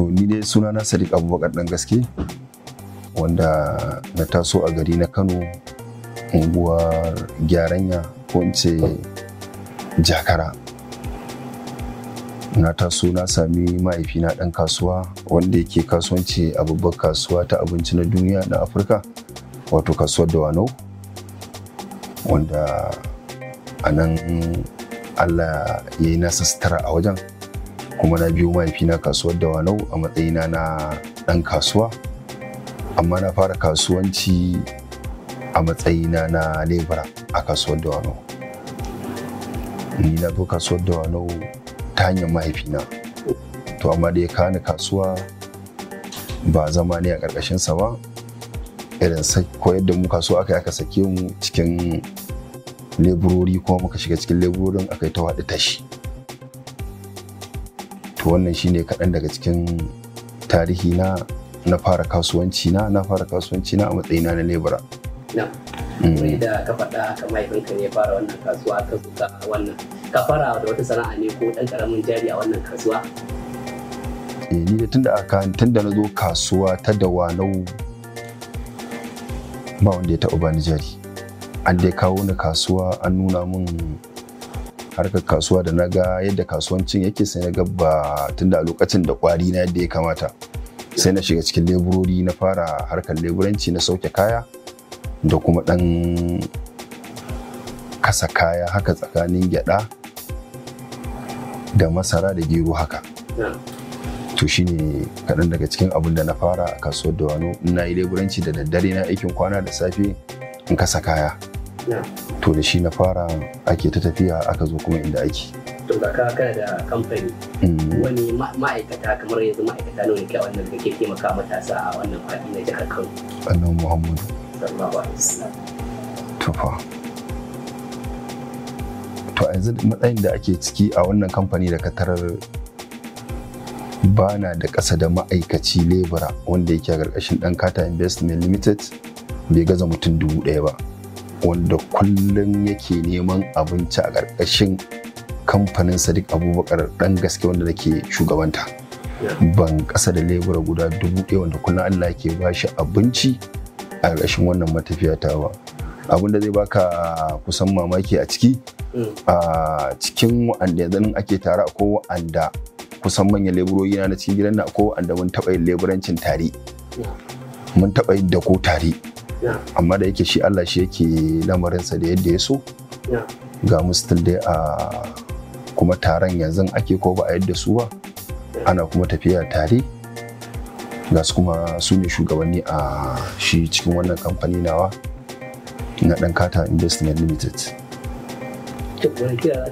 to ni dai suna na sadiq abubakar dan gaske wanda na taso a gari na kano unguwar gyaranya ko in ce jakara na taso na sami mahaifina ɗan kasuwa wanda yake kasuwanci a babbar kasuwa ta abinci na duniya na afirka wato kasuwar wano wanda a nan allah ya yi nasa sutura a wajen kuma na biyo mahaifina kasuwar dawanau a matsayina na ɗan kasuwa amma na fara kasuwanci a matsayina na lebura a kasuwar da ni na zo kasuwar dawanau ta hanyar mahaifina to amma da ya kani kasuwa ba zama ne a ƙarƙashinsa ba irin koyar da mu kasuwa aka yi aka sake mu cikin leburori kuma muka shiga cikin leburorin aka yi ta waɗi tashi to wannan shi ne kaɗan daga cikin tarihi na na fara kasuwanci na na fara kasuwanci na a matsayina na lebura mm. da ka faɗa ka mahaifinka ne fara wannan kasuwa ka zuka wannan ka fara da wata sana'a ne ko ɗan ƙaramin jari a wannan kasuwa eh, ni da tun da aka tun da na zo kasuwa ta da dawanau ba wanda ya taɓa bani jari an dai kawo ni kasuwa an nuna mun harkar kasuwa da na ga yadda kasuwancin yake sai na ga ba tunda a lokacin da kwari na yadda ya kamata sai na shiga cikin leburori na fara harkar leburanci na sauke kaya da kuma dan kasa kaya haka tsakanin gyada da masara da gero haka to shine kaɗan daga cikin abin da na fara a kasuwar da wano na yi leburanci da daddare na aikin kwana da safe in kasa kaya to da shi na fara ake ta tafiya aka zo kuma inda ake to da ka kana da kamfani mm. wani ma'aikata kamar yanzu ma'aikata nawa ne kai wannan da ke taimaka matasa a wannan fadi na jihar Kano annabi Muhammadu sallallahu alaihi wasallam to fa to a yanzu matsayin da ake ciki a wannan kamfani da katarar bana da ƙasa da ma'aikaci labura wanda yake a ƙarƙashin ɗan kata investment limited bai gaza mutum dubu ɗaya ba wanda kullum yake neman abinci a ƙarƙashin kamfanin sadiq abubakar ɗan gaske wanda nake shugabanta ban ƙasa da lebura guda dubu ɗaya wanda kullum allah ke ba shi abinci a ƙarƙashin wannan matafiya ta abin da zai baka kusan mamaki a ciki a cikin wa'anda yanzu ake tare a wa'anda kusan manyan leburoyi na cikin gidan na ko wa'anda mun taɓa yin leburancin tare mun taɓa yin dako tare amma da yake shi Allah shi yake lamarin sa da yadda ya so ga mustil dai a kuma taron yanzu ake ko ba a yadda su ba ana kuma tafiya tare ga su kuma su ne shugabanni a shi cikin wannan kamfani nawa na dan kata investment limited wani kira za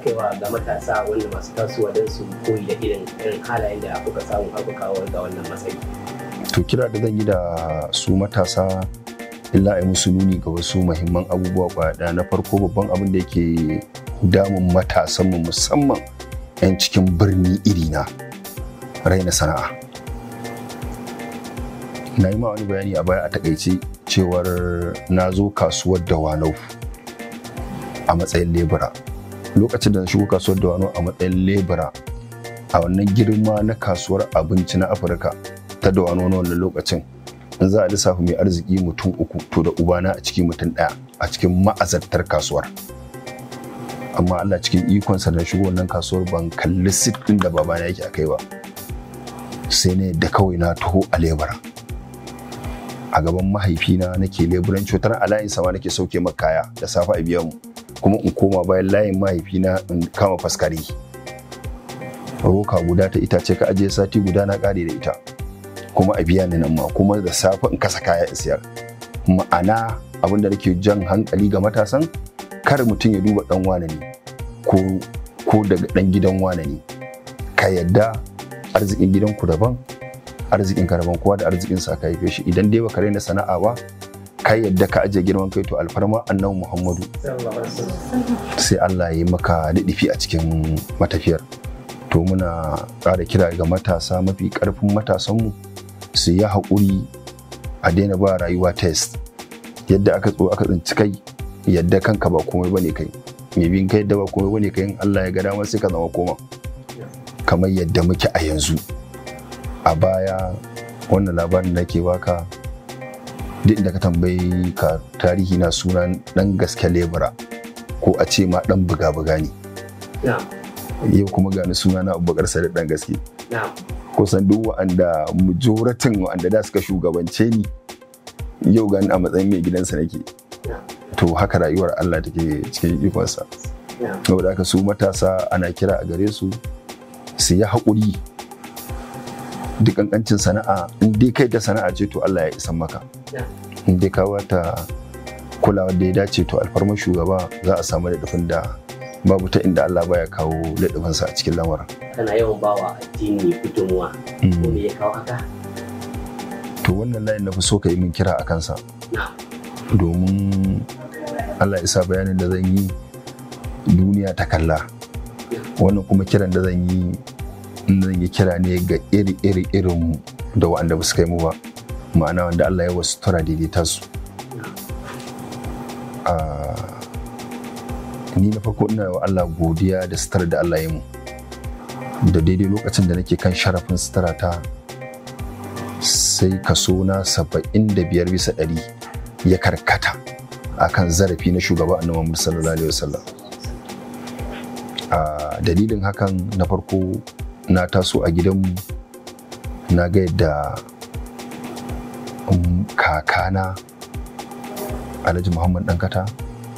to kira da zan yi da su matasa illa a musu nuni ga wasu mahimman abubuwa kwaya na farko babban abin da yake damun matasanmu musamman 'yan cikin birni iri irina raina sana'a na yi ma wani bayani a baya a takaice cewar na zo kasuwar dawanau a matsayin lebura lokacin da na shigo kasuwar dawanau a matsayin lebura a wannan girma na kasuwar abinci na afirka ta dawanau na wannan lokacin in za a lissafa mai arziki mutum uku to da ubana a cikin mutum ɗaya a cikin ma'azartar kasuwar amma Allah cikin ikonsa na shigo wannan kasuwar ban kalli sit ɗin da babana yake a kai ba sai ne da kawai na taho a lebura a gaban mahaifina nake leburan cutar a layin sama nake sauke maka kaya da safa a biya mu kuma in koma bayan layin mahaifina in kama faskari roka guda ta itace ka ajiye sati guda na kare da ita kuma a biya ni nan ma kuma da safe in kasa kaya in siyar ma'ana abin da nake jan hankali ga matasan kar mutum ya duba dan wane ne ko ko daga dan gidan wane ne ka yadda arzikin gidanku daban arzikin ka daban kowa da arzikin sa ka shi idan dai baka raina sana'a ba ka yadda ka ajiye girman kai to alfarma annabi Muhammadu sai Allah ya yi maka daɗifi a cikin matafiyar to muna kara kira ga matasa mafi karfin matasanmu mu su yi haƙuri a daina ba rayuwa test yadda aka tso aka tsinci kai yadda kanka ba komai bane kai me bin kai yadda ba komai bane kai in Allah ya ga dama sai ka zama koma kamar yadda muke a yanzu a baya wannan labarin da ke baka duk da ka tambayi ka tarihi na sunan dan gaske lebura ko a ce ma dan buga-buga ne yau kuma gani suna na abubakar sadiq dan gaske kusan duk wa'anda majoratin wa'anda da suka shugabance ni yau gani a matsayin mai gidansa nake to haka rayuwar Allah take cikin ikonsa saboda haka su matasa ana kira a gare su su yi haƙuri duk ƙanƙancin sana'a in dai kai da sana'a ce to Allah ya isan maka in dai ka wata kulawar da ya dace to alfarmar shugaba za a samu da dafin da babu ta inda Allah baya kawo laɗubansa a cikin lamarin. Kana yawan bawa addini fitowa mm. ko me ya kawo haka? To wannan layin na fi so ka yi min kira a kansa. Domin Allah isa bayanin da zan yi duniya ta kalla. Wannan kuma kiran da zan yi zan yi kira ne ga iri-iri irin da wanda ba su kai mu ba. Ma'ana wanda Allah ya wasu tura daidaita su. ni na farko ina wa Allah godiya da sitar da Allah ya mu da daidai lokacin da nake kan sharafin sitara ta sai kaso na saba'in da biyar bisa ɗari ya karkata a kan zarafi na shugaba annabi Muhammad sallallahu alaihi wasallam a dalilin hakan na farko na taso a gidanmu na ga yadda um, kakana alhaji muhammad dankata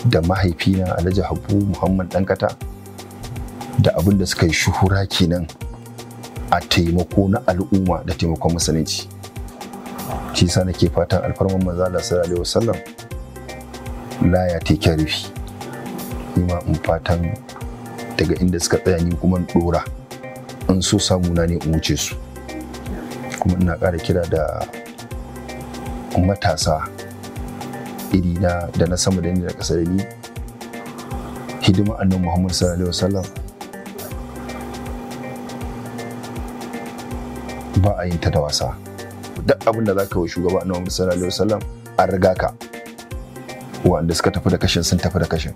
da mahaifina alhaji habu muhammad dankata da abin da suka yi shuhura kenan a taimako na al'umma da taimakon musulunci shi sa nake fatan alfarman manzo Allah sallallahu alaihi wasallam la ya take rufi ima in fatan daga inda suka tsaya ni kuma in dora in so samu na ne in wuce su kuma ina ƙara kira da matasa iri na da na sama da ni da kasa da ni hidima annabi Muhammad sallallahu alaihi wasallam ba a yin ta da wasa duk abin da zaka yi shugaba annabi Muhammad sallallahu alaihi wasallam an riga ka wanda suka tafi da kashin sun tafi da kashin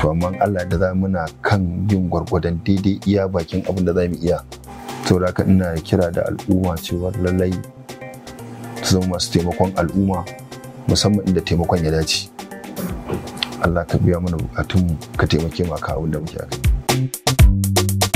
to amma Allah da za muna kan yin gwargwadon daidai iya bakin abin da za mu iya to da ina kira da al'umma cewa lallai su zama masu taimakon al'umma musamman inda taimakon ya dace Allah ka biya mana bukatun ka taimake mu a abin da muke a kai